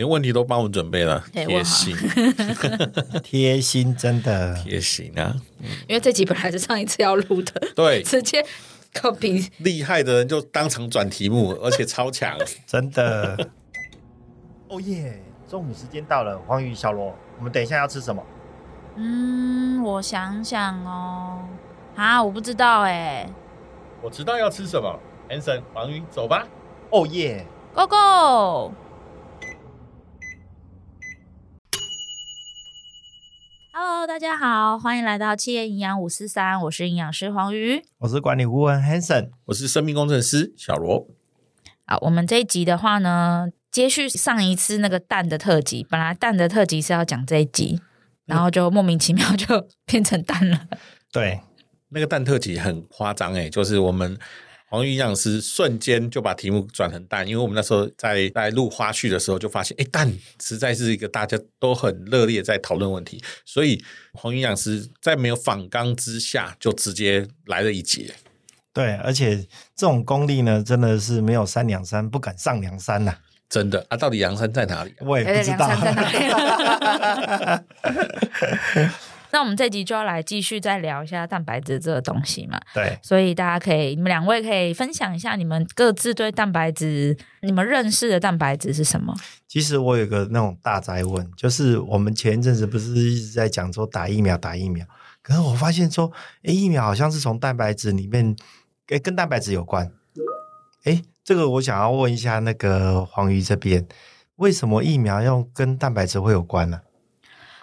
連問題都幫我們準備了，貼、欸、心，貼 心真的貼心啊、嗯！因為這集本來是上一次要錄的，對，直接靠筆厲害的人就當場轉題目， 而且超強，真的。哦耶！中午時間到了，黃魚、小羅，我們等一下要吃什麼？嗯，我想想哦，啊，我不知道哎。我知道要吃什麼，安生，黃魚，走吧。哦、oh、耶、yeah，Go Go！Hello，大家好，歡迎來到企業營養五四三，我是營養師黃魚，我是管理顧問 Hanson，我是生命工程師小羅。好，我們這一集的話呢，接續上一次那個蛋的特輯，本來蛋的特輯是要講這一集，然後就莫名其妙就變成蛋了。嗯、對， 那個蛋特輯很誇張哎、欸，就是我們。黃魚營養師瞬間就把題目轉成蛋，因為我們那時候在在錄花絮的時候就發現，哎、欸，蛋實在是一個大家都很熱烈在討論問題，所以黃魚營養師在沒有反剛之下，就直接來了一集。對，而且這種功力呢，真的是沒有三兩三，不敢上梁山吶，真的啊，到底梁山在哪裡？啊，我也不知道。欸那我們這集就要來繼續再聊一下蛋白質這個東西嘛。對，所以大家可以，你們兩位可以分享一下你們各自對蛋白質，嗯、你們認識的蛋白質是什麼？其實我有個那種大哉問，就是我們前一陣子不是一直在講說打疫苗打疫苗，可是我發現說，誒疫苗好像是從蛋白質裡面，哎，跟蛋白質有關。誒這個我想要問一下那個黃魚這邊，為什麼疫苗要跟蛋白質會有關呢、啊？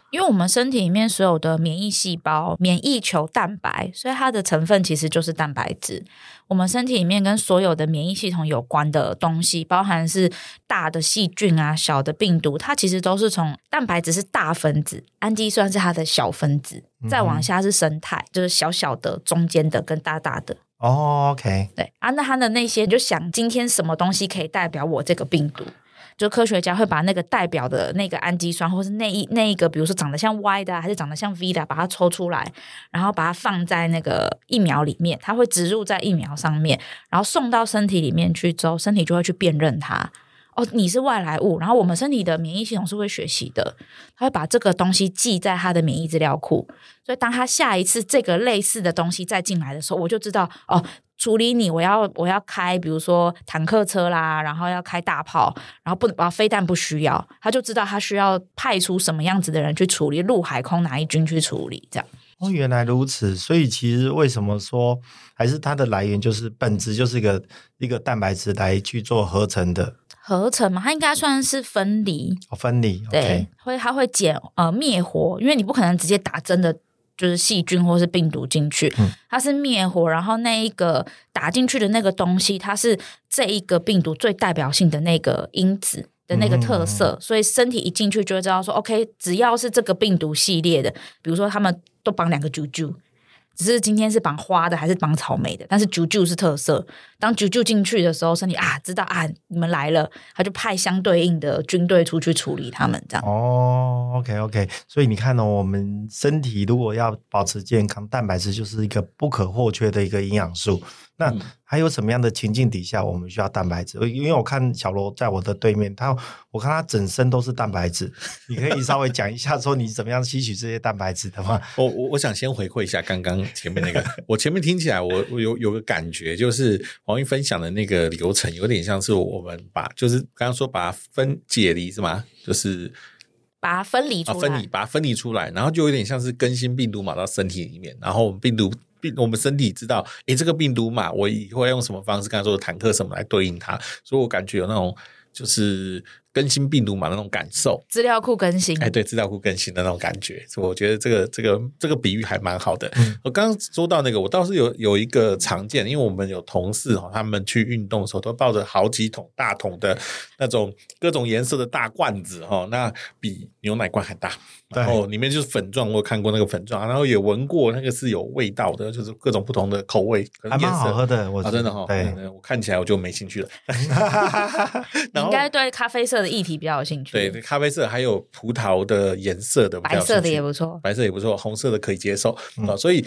因為我們身體裡面所有的免疫細胞、免疫球蛋白，所以它的成分其實就是蛋白質。我們身體裡面跟所有的免疫系統有關的東西，包含是大的細菌啊、小的病毒，它其實都是從蛋白質是大分子，氨基酸是它的小分子，再往下是胜肽，嗯、就是小小的、中間的跟大大的。Oh, OK，對啊，那它的那些，就想今天什麼東西可以代表我這個病毒？就科學家會把那個代表的那個氨基酸，或是那一那一個，比如說長得像 Y 的，啊，還是長得像 V 的，啊，把它抽出來，然後把它放在那個疫苗裡面，它會植入在疫苗上面，然後送到身體裡面去之後，身體就會去辨認它。哦，你是外來物。然後我們身體的免疫系統是會學習的，它會把這個東西記在它的免疫資料庫。所以，當他下一次這個類似的東西再進來的時候，我就知道哦。處理你，我要我要開，比如說坦克車啦，然後要開大炮，然後不能啊，飛彈不需要，他就知道他需要派出什麼樣子的人去處理陸海空哪一軍去處理這樣。哦，原來如此，所以其實為什麼說還是它的來源就是本質就是一個一個蛋白質來去做合成的合成嘛，它應該算是分離，哦、分離對，okay. 會它會減呃滅活，因為你不可能直接打針的。就是細菌或是病毒進去，它是滅活，然後那一個打進去的那個東西，它是這一個病毒最代表性的那個因子的那個特色，嗯嗯嗯嗯，所以身體一進去就會知道說，OK，只要是這個病毒系列的，比如說他們都綁兩個啾啾。只是今天是綁花的還是綁草莓的，但是啾啾是特色。當啾啾進去的時候，身體啊知道啊你們來了，他就派相對應的軍隊出去處理他們這樣。哦，OK OK，所以你看呢，我們身體如果要保持健康，蛋白質就是一個不可或缺的一個營養素。那還有什麼樣的情境底下我們需要蛋白質、嗯？因為我看小羅在我的對面，他我看他整身都是蛋白質。你可以稍微講一下，說你怎麼樣吸取這些蛋白質的嗎？我我我想先回饋一下剛剛前面那個， 我前面聽起來我我有有個感覺，就是黃魚分享的那個流程有點像是我們把就是剛剛說把它分解離是嗎？就是把它分離出來，啊、分離把它分離出來，然後就有點像是更新病毒碼，到身體裡面，然後我們病毒。我們身體知道，哎、欸，這個病毒嘛，我以後要用什麼方式，跟他說坦克什麼來對應它，所以我感覺有那種就是。更新病毒嘛那種感受，資料庫更新，哎，對，資料庫更新的那種感覺，我覺得這個這個這個比喻還蠻好的。嗯、我剛剛說到那個，我倒是有有一個常見，因為我們有同事哈，他們去運動的時候都抱着好幾桶大桶的那種各種顏色的大罐子哈，那比牛奶罐還大，然後裡面就是粉狀，我有看過那個粉狀，然後也聞過，那個是有味道的，就是各種不同的口味，顏色還蠻好喝的。我對、啊、真的哈、哦，我看起來我就沒興趣了。 你應該對咖啡色的。議題比較有興趣，對，對咖啡色還有葡萄的顏色的比較。白色的也不錯，白色也不錯，紅色的可以接受。嗯。所以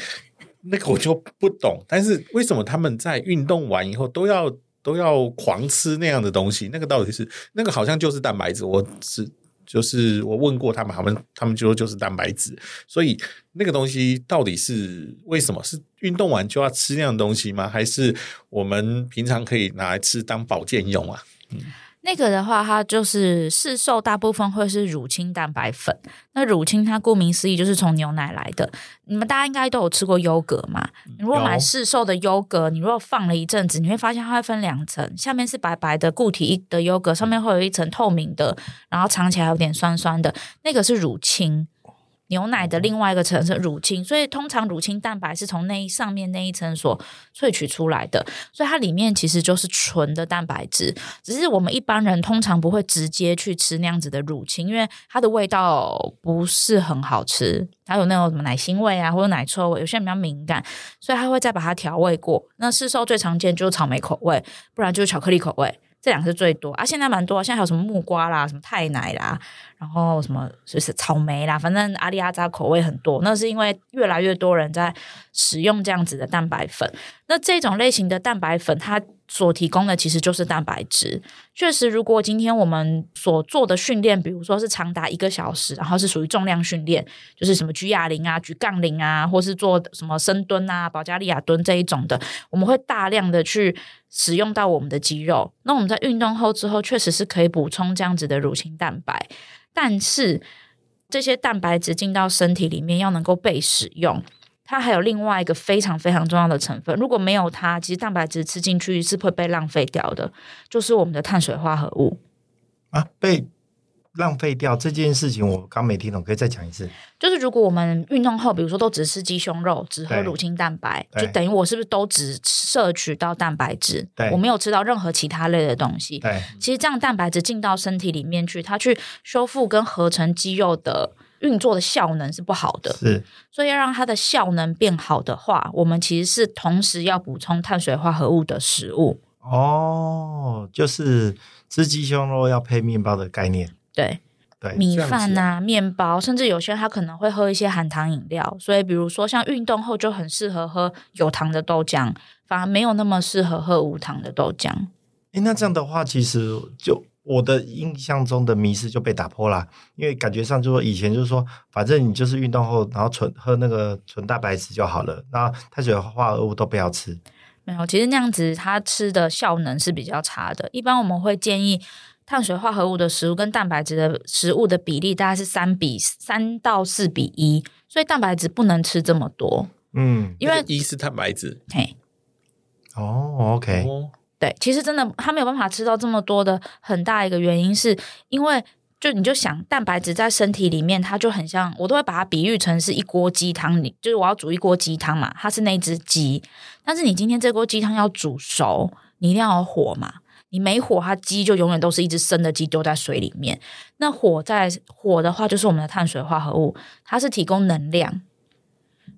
那個我就不懂，但是為什麼他們在運動完以後都要都要狂吃那樣的東西？那個到底是那個好像就是蛋白質，我只就是我問過他們，他們他們就說就是蛋白質。所以那個東西到底是為什麼是運動完就要吃那樣的東西嗎？還是我們平常可以拿來吃當保健用啊？嗯。那個的話，它就是市售大部分會是乳清蛋白粉。那乳清它顧名思義就是從牛奶來的。你們大家應該都有吃過優格嘛？你如果買市售的優格，你如果放了一陣子，你會發現它會分兩層，下面是白白的固體的優格，上面會有一層透明的，然後嘗起來有點酸酸的，那個是乳清。牛奶的另外一個層是乳清，所以通常乳清蛋白是從那一上面那一層所萃取出來的，所以它裡面其實就是純的蛋白質，只是我們一般人通常不會直接去吃那樣子的乳清，因為它的味道不是很好吃，它有那種什麼奶腥味啊或者奶臭味，有些人比較敏感，所以它會再把它調味過。那市售最常見就是草莓口味，不然就是巧克力口味。這兩個是最多啊，現在蠻多，現在還有什麼木瓜啦，什麼泰奶啦，然後什麼就是，是草莓啦，反正阿里阿雜口味很多。那是因為越來越多人在使用這樣子的蛋白粉，那這種類型的蛋白粉它。所提供的其實就是蛋白質。確實，如果今天我們所做的訓練，比如說是長達一個小時，然後是屬於重量訓練，就是什麼舉啞鈴啊、舉槓鈴啊，或是做什麼深蹲啊、保加利亞蹲這一種的，我們會大量的去使用到我們的肌肉。那我們在運動後之後，確實是可以補充這樣子的乳清蛋白，但是這些蛋白質進到身體裡面，要能夠被使用。它還有另外一個非常非常重要的成分，如果沒有它，其實蛋白質吃進去是會被浪費掉的，就是我們的碳水化合物啊。被浪費掉這件事情，我剛沒聽懂，可以再講一次。就是如果我們運動後，比如說都只吃雞胸肉，只喝乳清蛋白，就等於我是不是都只攝取到蛋白質？我沒有吃到任何其他類的東西。對，其實這樣蛋白質進到身體裡面去，它去修復跟合成肌肉的，運作的效能是不好的，是，所以要讓它的效能變好的話，我們其實是同時要補充碳水化合物的食物。哦，就是吃雞胸肉要配麵包的概念，對對，米飯吶、啊、麵包，甚至有些人他可能會喝一些含糖飲料，所以比如說像運動後就很適合喝有糖的豆漿，反而沒有那麼適合喝無糖的豆漿。欸，那這樣的話，其實就。我的印象中的迷思就被打破了啊，因為感覺上就以前就是說，反正你就是運動後，然後純喝那個純蛋白質就好了，那碳水化合物都不要吃。沒有，其實那樣子它吃的效能是比較差的。一般我們會建議碳水化合物的食物跟蛋白質的食物的比例大概是三比三到四比一，所以蛋白質不能吃這麼多。嗯，因為一是蛋白質。嘿，哦，OK。對，其實真的他沒有辦法吃到這麼多的，很大一個原因是因為就你就想蛋白質在身體裡面，它就很像，我都會把它比喻成是一鍋雞湯，你就是我要煮一鍋雞湯嘛，它是那一隻雞，但是你今天這鍋雞湯要煮熟，你一定要有火嘛，你沒火，它雞就永遠都是一隻生的雞丟在水裡面，那火在，火的話就是我們的碳水化合物，它是提供能量。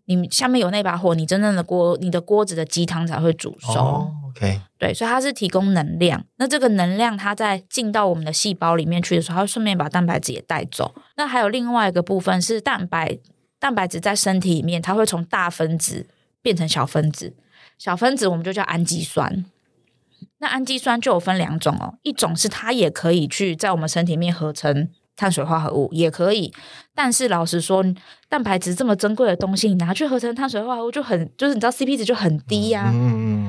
你下面有那把火，你真正的鍋，你的鍋子的雞湯才會煮熟。Oh, OK，對，所以它是提供能量。那這個能量它在進到我們的細胞裡面去的時候，它會順便把蛋白質也帶走。那還有另外一個部分是蛋白，蛋白質在身體裡面，它會從大分子變成小分子，小分子我們就叫氨基酸。那氨基酸就有分兩種哦，一種是它也可以去在我們身體裡面合成。碳水化合物也可以，但是老實說，蛋白質這麼珍貴的東西，你拿去合成碳水化合物就很，就是你知道 CP 值就很低呀、啊。嗯，嗯嗯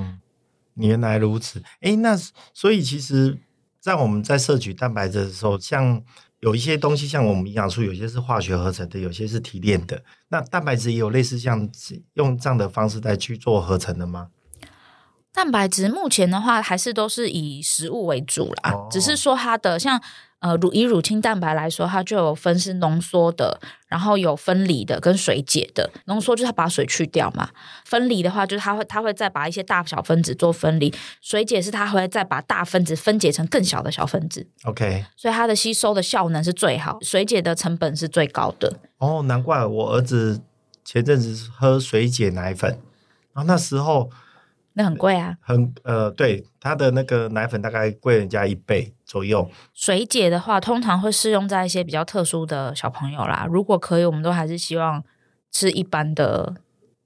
嗯、原來如此。哎、欸，那所以其實，在我們在攝取蛋白質的時候，像有一些東西，像我們營養素，有些是化學合成的，有些是提煉的。那蛋白質也有類似像用這樣的方式來去做合成的嗎？蛋白質目前的話，還是都是以食物為主啦。Oh. 只是說它的像呃乳以乳清蛋白來說，它就有分是濃縮的，然後有分離的跟水解的。濃縮就是它把水去掉嘛，分離的話就是它會它會再把一些大小分子做分離。水解是它會再把大分子分解成更小的小分子。OK，所以它的吸收的效能是最好，水解的成本是最高的。哦，oh，難怪我兒子前陣子喝水解奶粉，然後，啊，那時候。那很貴啊，很呃，對，他的那個奶粉大概貴人家一倍左右。水解的話，通常會適用在一些比較特殊的小朋友啦。如果可以，我們都還是希望吃一般的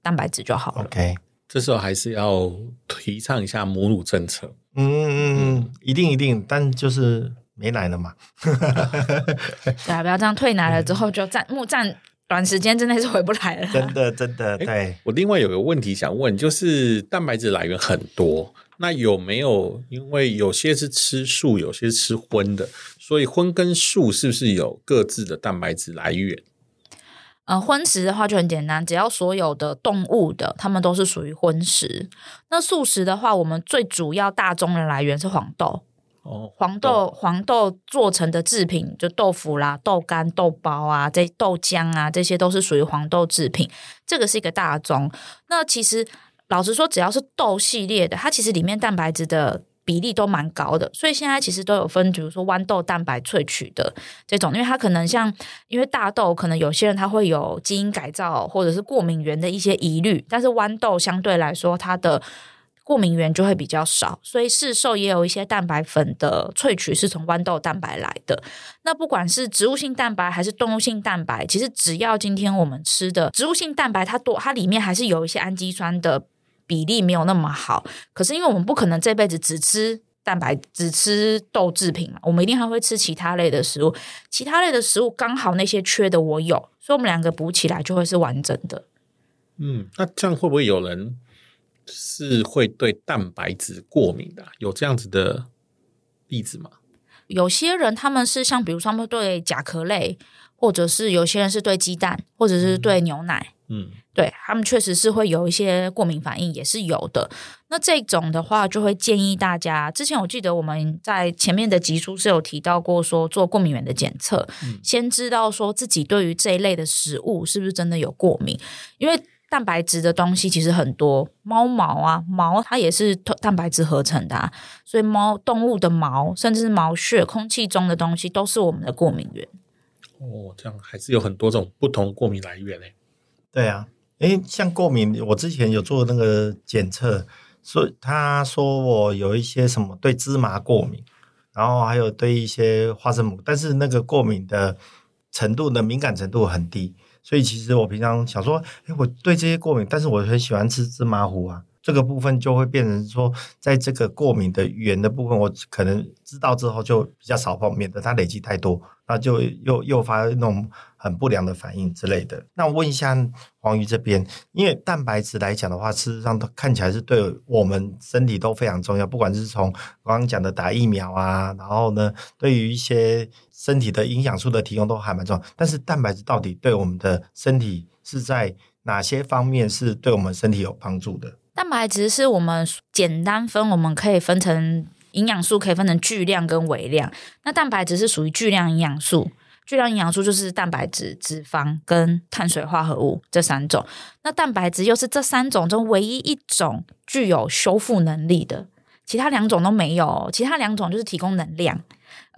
蛋白質就好了。OK，這時候還是要提倡一下母乳政策。嗯嗯嗯，一、嗯、定一定，但就是沒奶了嘛。嗯、 對啊，不要這樣退奶了之後就暫，木、嗯、前。短時間真的是回不來了，啊，真的真的。對、欸、我另外有一個問題想問，就是蛋白質來源很多，那有沒有因為有些是吃素，有些是吃葷的，所以葷跟素是不是有各自的蛋白質來源？呃，葷食的話就很簡單，只要所有的動物的，它們都是屬於葷食。那素食的話，我們最主要大宗的來源是黃豆。Oh, oh. 黃豆黃豆做成的製品，就豆腐啦、豆干、豆包啊，這豆漿啊，這些都是屬於黃豆製品。這個是一個大宗。那其實老實說，只要是豆系列的，它其實裡面蛋白質的比例都蠻高的。所以現在其實都有分，比如說豌豆蛋白萃取的這種，因為它可能像因為大豆，可能有些人他會有基因改造或者是過敏原的一些疑慮，但是豌豆相對來說它的。過敏原就會比較少，所以市售也有一些蛋白粉的萃取是從豌豆蛋白來的。那不管是植物性蛋白還是動物性蛋白，其實只要今天我們吃的植物性蛋白，它多，它裡面還是有一些氨基酸的比例沒有那麼好。可是因為我們不可能這輩子只吃蛋白，只吃豆製品嘛，我們一定還會吃其他類的食物。其他類的食物剛好那些缺的我有，所以我們兩個補起來就會是完整的。嗯，那、啊、這樣會不會有人？是會對蛋白質過敏的啊，有這樣子的例子嗎？有些人他們是像，比如他們對甲殼類，或者是有些人是對雞蛋，或者是對牛奶，嗯，對他們確實是會有一些過敏反應，也是有的。那這種的話，就會建議大家，之前我記得我們在前面的集數是有提到過，說做過敏原的檢測，嗯，先知道說自己對於這一類的食物是不是真的有過敏，因為。蛋白質的東西其實很多，貓毛啊，毛它也是蛋白質合成的，啊，所以貓動物的毛，甚至是毛屑，空氣中的東西都是我們的過敏源。哦，這樣還是有很多種不同過敏來源嘞。對啊，誒、欸、像過敏，我之前有做那個檢測，所以他說我有一些什麼對芝麻過敏，然後還有對一些花生米，但是那個過敏的程度的敏感程度很低。所以其實我平常想說，誒，我對這些過敏，但是我很喜歡吃芝麻糊啊。這個部分就會變成說，在這個過敏的原的部分，我可能知道之後就比較少碰，免得它累積太多，那就又又發那種很不良的反應之類的。那問一下黃魚這邊，因為蛋白質來講的話，事實上它看起來是對我們身體都非常重要，不管是從剛剛講的打疫苗啊，然後呢，對於一些身體的營養素的提供都還蠻重要。但是蛋白質到底對我們的身體是在哪些方面是對我們身體有幫助的？蛋白質是我們簡單分，我們可以分成營養素，可以分成巨量跟微量。那蛋白質是屬於巨量營養素，巨量營養素就是蛋白質、脂肪跟碳水化合物這三種。那蛋白質又是這三種中唯一一種具有修復能力的，其他兩種都沒有，其他兩種就是提供能量。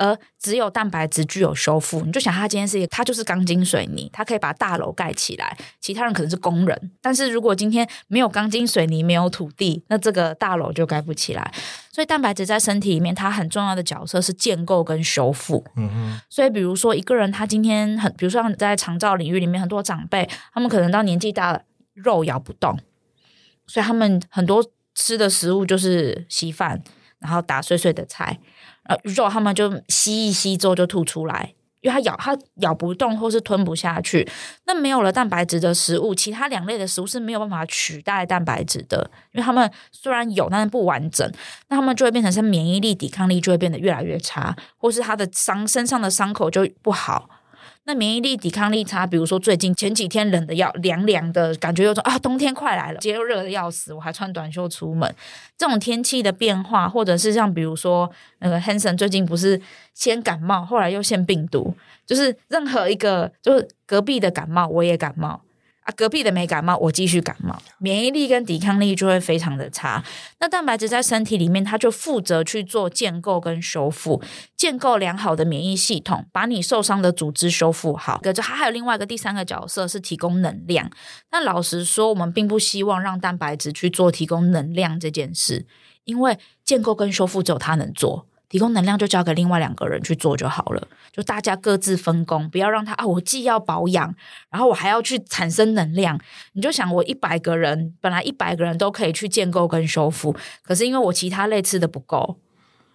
而只有蛋白質具有修復。你就想他今天是，他就是鋼筋水泥，他可以把大樓蓋起來。其他人可能是工人，但是如果今天沒有鋼筋水泥，沒有土地，那這個大樓就蓋不起來。所以蛋白質在身體裡面，它很重要的角色是建構跟修復。嗯哼。所以比如說一個人，他今天很，比如說在長照領域裡面，很多長輩，他們可能到年紀大了，肉咬不動，所以他們很多吃的食物就是稀飯，然後打碎碎的菜。呃，肉他們就吸一吸之後就吐出來，因為它咬它咬不動或是吞不下去。那沒有了蛋白質的食物，其他兩類的食物是沒有辦法取代蛋白質的，因為他們雖然有，但是不完整。那他們就會變成是免疫力、抵抗力就會變得越來越差，或是他的傷，身上的傷口就不好。那免疫力、抵抗力差，比如說最近前幾天冷的要涼涼的感覺又，有種啊，冬天快來了，今天又熱的要死，我還穿短袖出門。這種天氣的變化，或者是像比如說那個 Henson 最近不是先感冒，後來又腺病毒，就是任何一個就是隔壁的感冒，我也感冒。隔壁的沒感冒，我繼續感冒，免疫力跟抵抗力就會非常的差。那蛋白質在身體裡面，它就負責去做建構跟修復，建構良好的免疫系統，把你受傷的組織修復好。可是它還有另外一個第三個角色是提供能量。那老實說，我們並不希望讓蛋白質去做提供能量這件事，因為建構跟修復只有它能做。提供能量就交給另外兩個人去做就好了，就大家各自分工，不要讓他啊，我既要保養，然後我還要去產生能量。你就想，我一百個人，本來一百個人都可以去建構跟修復，可是因為我其他類似的不夠，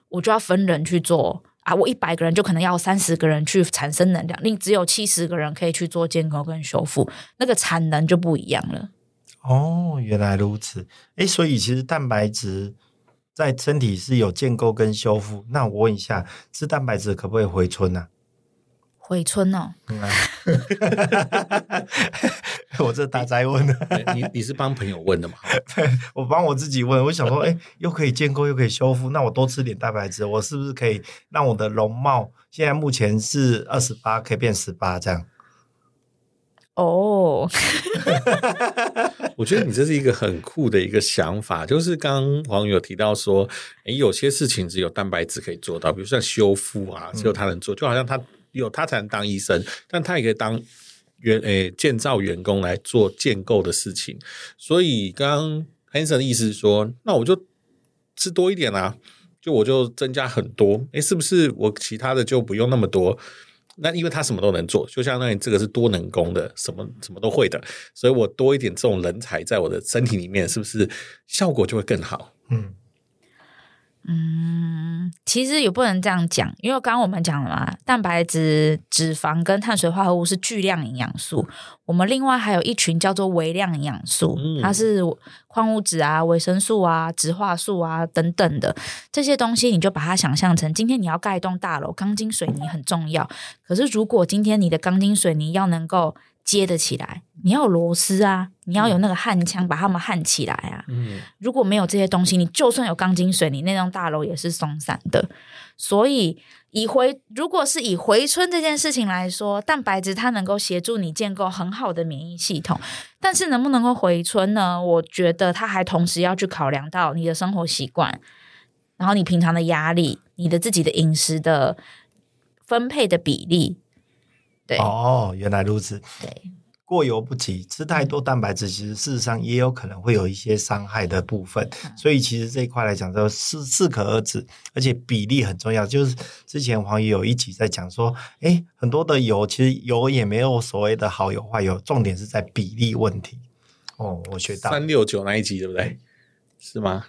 我就要分人去做啊。我一百個人就可能要三十個人去產生能量，另只有七十個人可以去做建構跟修復，那個產能就不一樣了。哦，原來如此，哎，所以其實蛋白質。在身體是有建構跟修復，那我問一下，吃蛋白質可不可以回春呢、啊？回春哦 我這大災問的，你你是幫朋友問的嗎？對 我幫我自己問，我想說，哎、欸，又可以建構，又可以修復，那我多吃點蛋白質，我是不是可以讓我的容貌？現在目前是二十八，可以變十八這樣？哦、oh. 我覺得你這是一個很酷的一個想法，就是剛剛黃魚有提到說、欸，有些事情只有蛋白質可以做到，比如像修復啊，只有他能做，就好像他有他才能當醫生，但他也可以當原、欸、建造員工來做建構的事情。所以，剛剛 Hanson 的意思是說，那我就吃多一點啦、啊，就我就增加很多，哎、欸，是不是我其他的就不用那麼多？那因為他什麼都能做，就相當於這個是多能工的，什麼什麼都會的，所以我多一點這種人才在我的身體裡面，是不是效果就會更好？嗯。嗯，其實也不能這樣講，因為剛剛我們講了嘛，蛋白質、脂肪跟碳水化合物是巨量營養素。我們另外還有一群叫做微量營養素，它是礦物質啊、維生素啊、植化素啊等等的這些東西。你就把它想象成，今天你要蓋一棟大樓，鋼筋水泥很重要。可是如果今天你的鋼筋水泥要能夠接得起來，你要有螺絲啊，你要有那個焊槍把它們焊起來啊。嗯，如果沒有這些東西，你就算有鋼筋水泥，你那棟大樓也是鬆散的。所以，以回如果是以回春這件事情來說，蛋白質它能夠協助你建構很好的免疫系統，但是能不能夠回春呢？我覺得它還同時要去考量到你的生活習慣，然後你平常的壓力，你的自己的飲食的分配的比例。對哦，原來如此。對，過猶不及，吃太多蛋白質，其實事實上也有可能會有一些傷害的部分。嗯、所以其實這一塊來講，就適適可而止，而且比例很重要。就是之前黃魚有一集在講說，哎，很多的油，其實油也沒有所謂的好油壞油，重點是在比例問題。哦，我學到三六九那一集，對不對？是嗎？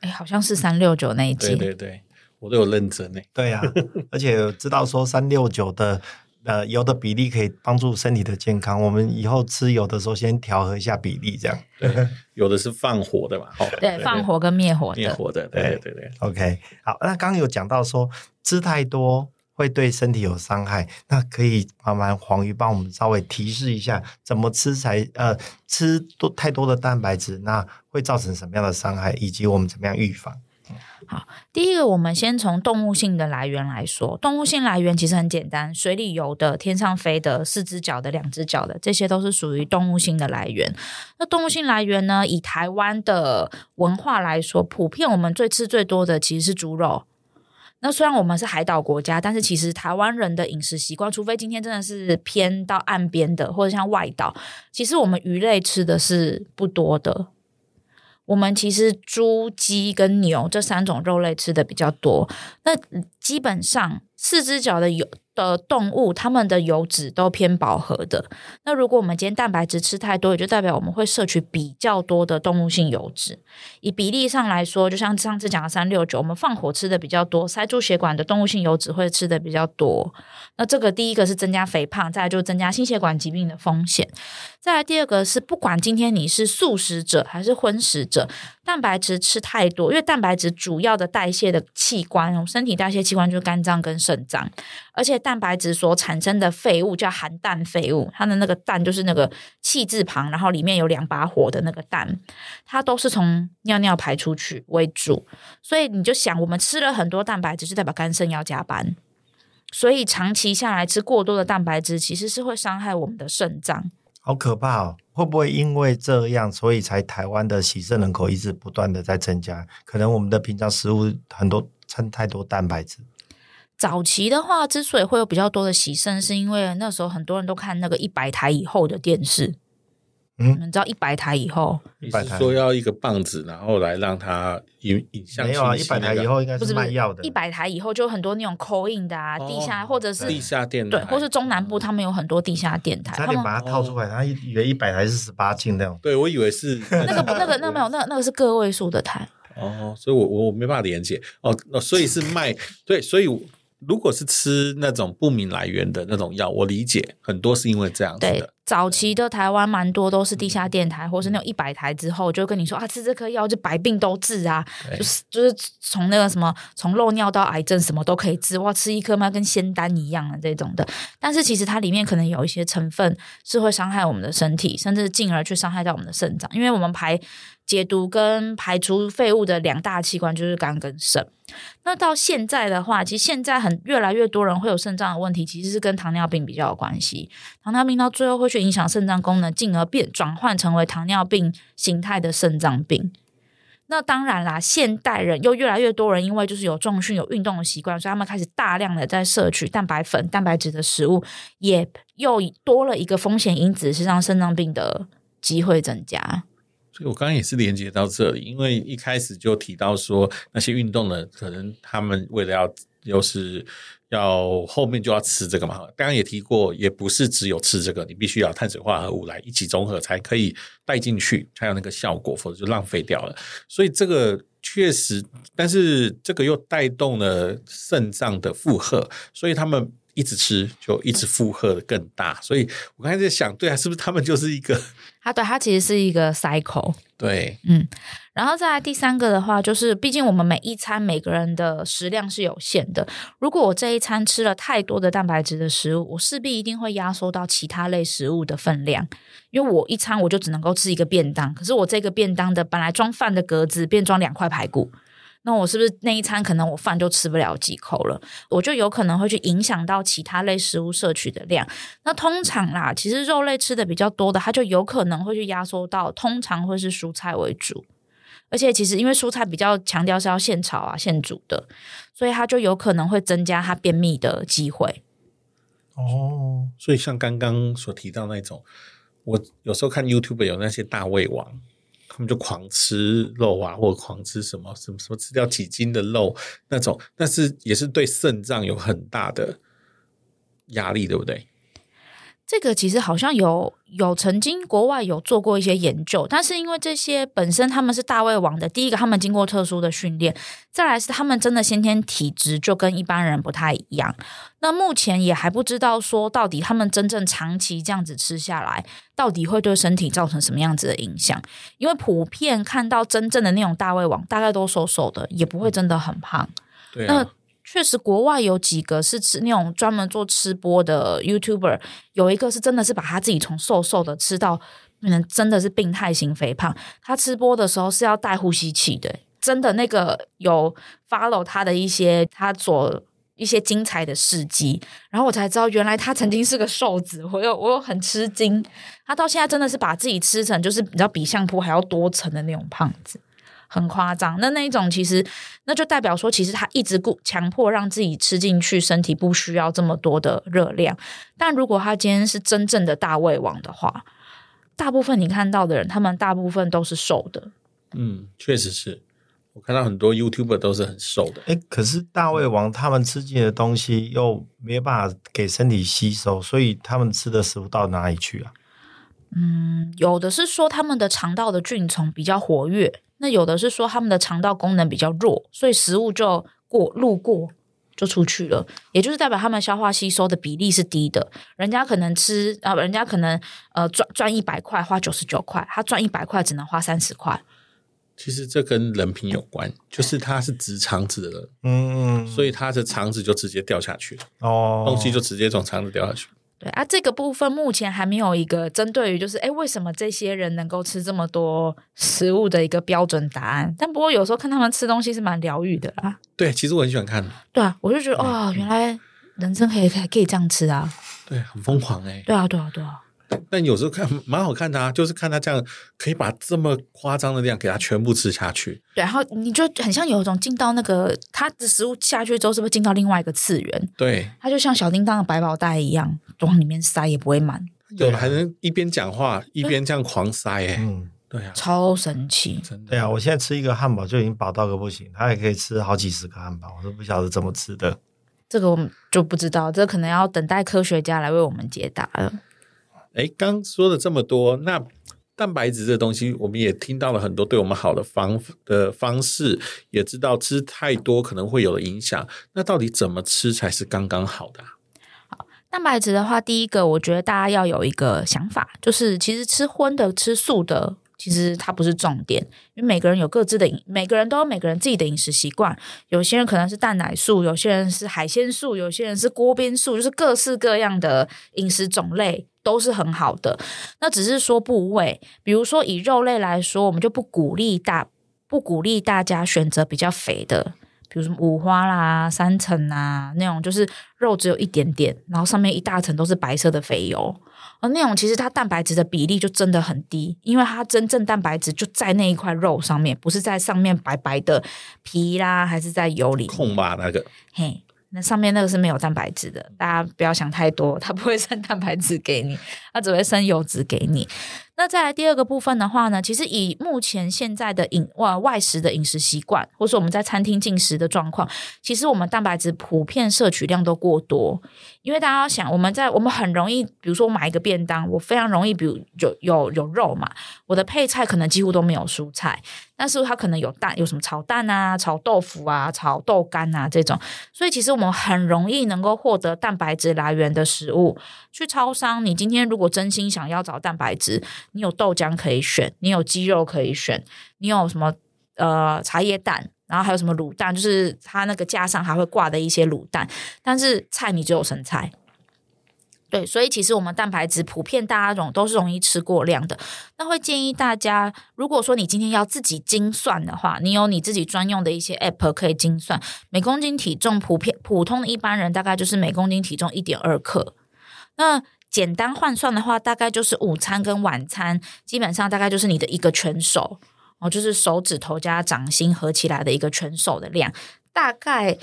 哎，好像是三六九那一集。對對對，我都有認真呢。對呀、啊，而且知道說三六九的。 呃，油的比例可以幫助身體的健康。我們以後吃油的時候，先調和一下比例，這樣。有的是放火的嘛？對， 對放火跟滅火的，滅火的。對對對，對，對。OK，好。那剛有講到說吃太多會對身體有傷害，那可以麻煩黃魚幫我們稍微提示一下，怎麼吃才呃吃多太多的蛋白質，那會造成什麼樣的傷害，以及我們怎麼樣預防？好，第一個，我們先從動物性的來源來說，動物性來源其實很簡單，水裡游的、天上飛的、四隻腳的、兩隻腳的，這些都是屬於動物性的來源。那動物性來源呢，以台灣的文化來說，普遍我們最吃最多的其實是豬肉。那雖然我們是海島國家，但是其實台灣人的飲食習慣，除非今天真的是偏到岸邊的，或者像外島，其實我們魚類吃的是不多的。我們其實豬、雞跟牛這三種肉類吃的比較多，那基本上。四隻腳的油的動物，它們的油脂都偏飽和的。那如果我們今天蛋白質吃太多，也就代表我們會攝取比較多的動物性油脂。以比例上來說，就像上次講的三六九，我們放火吃的比較多，塞住血管的動物性油脂會吃的比較多。那這個第一個是增加肥胖，再來就增加心血管疾病的風險。再來第二個是，不管今天你是素食者還是葷食者。蛋白質吃太多，因為蛋白質主要的代謝的器官，身體代謝器官就是肝臟跟腎臟，而且蛋白質所產生的廢物叫含氮廢物，它的那個氮就是那個氣字旁，然後裡面有兩把火的那個氮，它都是從尿尿排出去為主，所以你就想，我們吃了很多蛋白質，是代表肝腎要加班，所以長期下來吃過多的蛋白質，其實是會傷害我們的腎臟。好可怕哦！會不會因為這樣，所以才台灣的洗腎人口一直不斷的在增加？可能我們的平常食物很多，吃太多蛋白質。早期的話，之所以會有比較多的洗腎，是因為那時候很多人都看那個一百台以後的電視。嗯、你知道一百台以後，100台你是說要一個棒子，然後來讓他引引？沒有啊，一百台以後應該是不是賣藥的？一百台以後就很多那種 call in 的啊，哦、地下或者是地下電台，對，或是中南部他們有很多地下電台。差點把它掏出來，哦、他以為一百台是十八禁那種。對我以為是 那個不那個那沒有那那個是個位數的台 哦，所以我我沒辦法連結。哦。所以是賣 對，所以如果是吃那種不明來源的那種藥，我理解很多是因為這樣子的。對早期的台灣蠻多都是地下電台，嗯、或是那種一百台之後就跟你說啊，吃這顆藥就百病都治啊，就是就是從那個什麼，從漏尿到癌症什麼都可以治，哇，吃一顆嘛跟仙丹一樣啊這種的。但是其實它裡面可能有一些成分是會傷害我們的身體，甚至進而去傷害到我們的腎臟，因為我們排解毒跟排除廢物的兩大器官就是肝跟腎。那到現在的話，其實現在很越來越多人會有腎臟的問題，其實是跟糖尿病比較有關係。糖尿病到最後會去。影響腎臟功能，進而變轉換成為糖尿病型態的腎臟病。那當然啦，現代人又越來越多人，因為就是有重訓、有運動的習慣，所以他們開始大量的在攝取蛋白粉、蛋白質的食物，也又多了一個風險因子，是讓腎臟病的機會增加。所以，我剛剛也是連接到這裡，因為一開始就提到說，那些運動的可能，他們為了要又、就是。要後面就要吃這個嘛，剛剛也提過，也不是只有吃這個，你必須要碳水化合物來一起綜合才可以帶進去才有那個效果，否則就浪費掉了。所以這個確實，但是這個又帶動了腎臟的負荷，所以他們。一直吃就一直負荷的更大。嗯，所以我剛才在想，對啊，是不是他們就是一個？啊對，它其實是一個 cycle。對，嗯，然後再來第三個的話，就是畢竟我們每一餐每個人的食量是有限的。如果我這一餐吃了太多的蛋白質的食物，我勢必一定會壓縮到其他類食物的分量，因為我一餐我就只能夠吃一個便當。可是我這個便當的本來裝飯的格子，便裝兩塊排骨。那我是不是那一餐可能我飯就吃不了幾口了？我就有可能會去影響到其他類食物攝取的量。那通常啦，其實肉類吃的比較多的，它就有可能會去壓縮到，通常會是蔬菜為主。而且其實因為蔬菜比較強調是要現炒啊、現煮的，所以它就有可能會增加它便秘的機會。哦，所以像剛剛所提到那種，我有時候看 YouTube 有那些大胃王。他們就狂吃肉啊，或者狂吃什麼什麼什麼，什麼吃掉幾斤的肉那種，但是也是對腎臟有很大的壓力，對不對？這個其實好像有有曾經國外有做過一些研究，但是因為這些本身他們是大胃王的，第一個他們經過特殊的訓練，再來是他們真的先天體質就跟一般人不太一樣。那目前也還不知道說到底他們真正長期這樣子吃下來，到底會對身體造成什麼樣子的影響？因為普遍看到真正的那種大胃王，大概都瘦瘦的，也不會真的很胖。嗯，對啊。那確實，國外有幾個是吃那種專門做吃播的 YouTuber，有一個是真的是把他自己從瘦瘦的吃到，能、嗯、真的是病態型肥胖。他吃播的時候是要戴呼吸器的，真的那個有 follow 他的一些，他做一些精彩的事蹟，然後我才知道原來他曾經是個瘦子，我又我又很吃驚。他到現在真的是把自己吃成就是比較比相撲還要多層的那種胖子。很誇張，那那一種其實，那就代表說，其實他一直固強迫讓自己吃進去，身體不需要這麼多的熱量。但如果他今天是真正的大胃王的話，大部分你看到的人，他們大部分都是瘦的。嗯，確實是，我看到很多 YouTuber 都是很瘦的。哎、欸，可是大胃王他們吃進的東西又沒辦法給身體吸收，所以他們吃的食物到哪裡去啊？嗯，有的是說他們的腸道的菌叢比較活躍。那有的是說他們的腸道功能比較弱，所以食物就過路過就出去了，也就是代表他們消化吸收的比例是低的。人家可能吃啊、呃，人家可能呃賺賺一百塊花九十九塊，他賺一百塊只能花三十塊。其實這跟人品有關，就是他是直腸子的人，嗯，所以他的腸子就直接掉下去了，哦，東西就直接從腸子掉下去。對啊，這個部分目前還沒有一個針對於就是，哎，為什麼這些人能夠吃這麼多食物的一個標準答案。但不過有時候看他們吃東西是蠻療癒的啦，啊。對，其實我很喜歡看的。對啊，我就覺得，哦，原來人生可以還可以這樣吃啊。對，很瘋狂誒、欸。對啊，對啊，對啊。但有時候看蠻好看的啊，就是看他這樣可以把這麼誇張的量給他全部吃下去。對，然後你就很像有一種進到那個他的食物下去之後，是不是進到另外一個次元？對，他就像小叮當的百寶袋一樣，往裡面塞也不會滿，啊。對，還能一邊講話一邊這樣狂塞，欸。哎，嗯，對啊，超神奇，真的。對啊，我現在吃一個漢堡就已經飽到個不行，他也可以吃好幾十個漢堡，我都不曉得怎麼吃的。這個我們就不知道，這可能要等待科學家來為我們解答了。哎，剛說了這麼多，那蛋白質這東西，我們也聽到了很多對我們好的方的方式，也知道吃太多可能會有影響。那到底怎麼吃才是剛剛好的啊？好，蛋白質的話，第一個，我覺得大家要有一個想法，就是其實吃葷的、吃素的。其實它不是重點，因為每個人有各自的飲，每個人都有每個人自己的飲食習慣。有些人可能是蛋奶素，有些人是海鮮素，有些人是鍋邊素，就是各式各樣的飲食種類都是很好的。那只是說部位，比如說以肉類來說，我們就不鼓勵大不鼓勵大家選擇比較肥的，比如說五花啦、三層啊那種，就是肉只有一點點，然後上面一大層都是白色的肥油。那種其實它蛋白質的比例就真的很低，因為它真正蛋白質就在那一塊肉上面，不是在上面白白的皮啦，還是在油裡控吧那個。嘿，那上面那個是沒有蛋白質的，大家不要想太多，它不會生蛋白質給你，它只會生油脂給你。那再來第二個部分的話呢，其實以目前現在的飲外外食的飲食習慣，或者說我們在餐廳進食的狀況，其實我們蛋白質普遍攝取量都過多。因為大家想，我們在我們很容易，比如說我買一個便當，我非常容易，比如有有有肉嘛，我的配菜可能幾乎都沒有蔬菜，但是它可能有蛋，有什麼炒蛋啊、炒豆腐啊、炒豆干啊這種。所以其實我們很容易能夠獲得蛋白質來源的食物。去超商，你今天如果真心想要找蛋白質。你有豆漿可以選，你有雞肉可以選，你有什麼呃、茶葉蛋，然後還有什麼滷蛋，就是它那個架上還會掛的一些滷蛋。但是菜你只有生菜，對，所以其實我們蛋白質普遍大家種都是容易吃過量的。那會建議大家，如果說你今天要自己精算的話，你有你自己專用的一些 APP 可以精算，每公斤體重普遍普通一般人大概就是每公斤體重一點二克。那簡單換算的話，大概就是午餐跟晚餐，基本上大概就是你的一個全手哦，就是手指頭加掌心合起來的一個全手的量，大概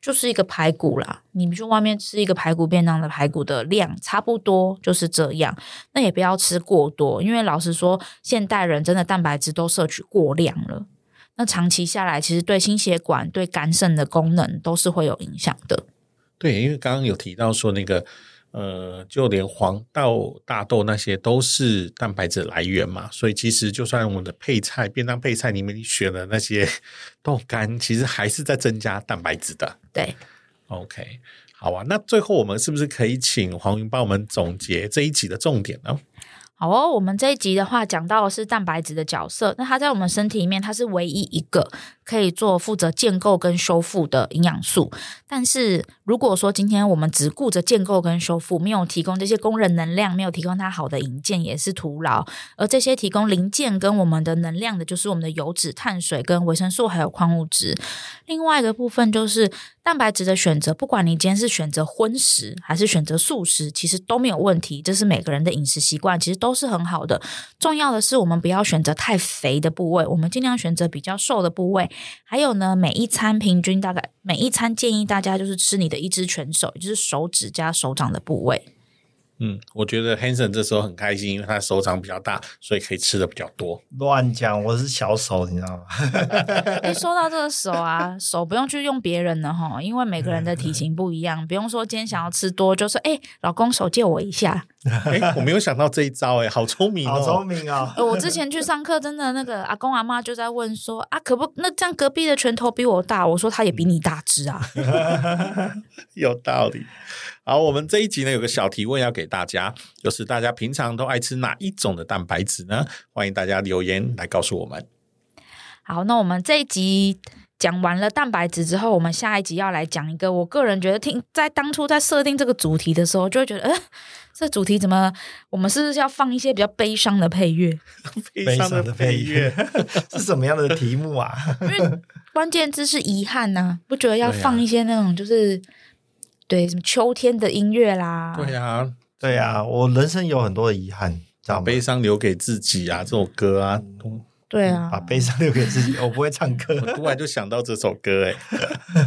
就是一個排骨啦。你們去外面吃一個排骨便當的排骨的量，差不多就是這樣。那也不要吃過多，因為老實說，現代人真的蛋白質都攝取過量了。那長期下來，其實對心血管、對肝腎的功能都是會有影響的。對，因為剛剛有提到說那個。呃，就連黃豆、大豆那些都是蛋白質來源嘛，所以其實就算我們的配菜、便當配菜，裡面選的那些豆乾，其實還是在增加蛋白質的。對，OK，好啊。那最後我們是不是可以請黃魚幫我們總結這一集的重點呢？哦，我們這一集的話講到的是蛋白質的角色。那它在我們身體裡面，它是唯一一個可以做負責建構跟修復的營養素。但是，如果說今天我們只顧着建構跟修復，沒有提供這些工人能量，沒有提供它好的營建，也是徒勞。而這些提供零件跟我們的能量的，就是我們的油脂、碳水跟維生素，還有礦物質。另外一個部分就是。蛋白質的選擇，不管你今天是選擇葷食還是選擇素食，其實都沒有問題。這是每個人的飲食習慣，其實都是很好的。重要的是，我們不要選擇太肥的部位，我們盡量選擇比較瘦的部位。還有呢，每一餐平均大概每一餐建議大家就是吃你的一隻全手，就是手指加手掌的部位。嗯，我覺得 Hanson 這時候很開心，因為他手掌比較大，所以可以吃的比較多。亂講，我是小手，你知道嗎？哎， 說到這個手啊，手不用去用別人的哈、哦，因為每個人的體型不一樣， 不用說今天想要吃多，就是哎，老公手借我一下。哎，我沒有想到這一招，哎，好聰明、哦，好聰明啊、哦！ 我之前去上課，真的那個阿公阿媽就在問說啊，可不，那這樣隔壁的拳頭比我大，我說他也比你大隻啊。 有道理。好，我們這一集呢，有個小提問要給大家，就是大家平常都愛吃哪一種的蛋白質呢？歡迎大家留言來告訴我們。好，那我們這一集講完了蛋白質之後，我們下一集要來講一個。我個人覺得聽在當初在設定這個主題的時候，就會覺得，呃，這主題怎麼？我們是不是要放一些比較悲傷的配樂？悲傷的配樂 是什麼樣的題目啊？ 因為關鍵字是遺憾吶、啊，不覺得要放一些那種就是、啊。對，什麼秋天的音樂啦？對啊，對啊，我人生有很多的遺憾，把悲傷留給自己啊，這首歌啊、嗯，對啊，把悲傷留給自己。我不會唱歌， 我突然就想到這首歌、欸，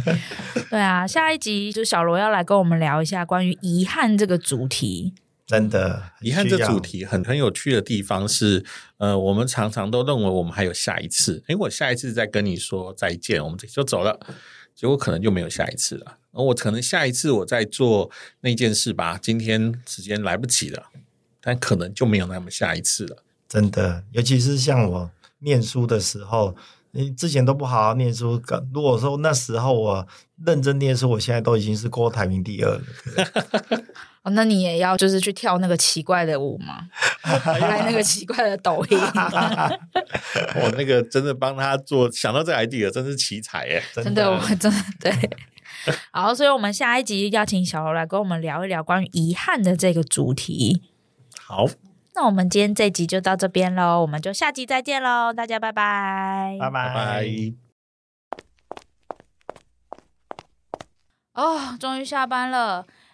哎 對啊，下一集就小羅要來跟我們聊一下關於遺憾這個主題。真的，遺憾這主題很很有趣的地方是，呃，我們常常都認為我們還有下一次，哎，我下一次再跟你說再見，我們這就走了。結果可能就沒有下一次了，哦。我可能下一次我再做那件事吧。今天時間來不及了，但可能就沒有那麼下一次了。真的，尤其是像我念書的時候，你之前都不好好念書。如果說那時候我認真念書，我現在都已經是郭台銘第二了。 哦，那你也要就是去跳那個奇怪的舞嗎？拍 那個奇怪的抖音。我 那個真的幫他做，想到這個 idea，真是奇才耶！真的，真的我真的對。 好，所以我們下一集邀請小羅來跟我們聊一聊關於遺憾的這個主題。好，那我們今天這集就到這邊嘍，我們就下集再見嘍，大家拜拜，拜拜。哦，終於下班了。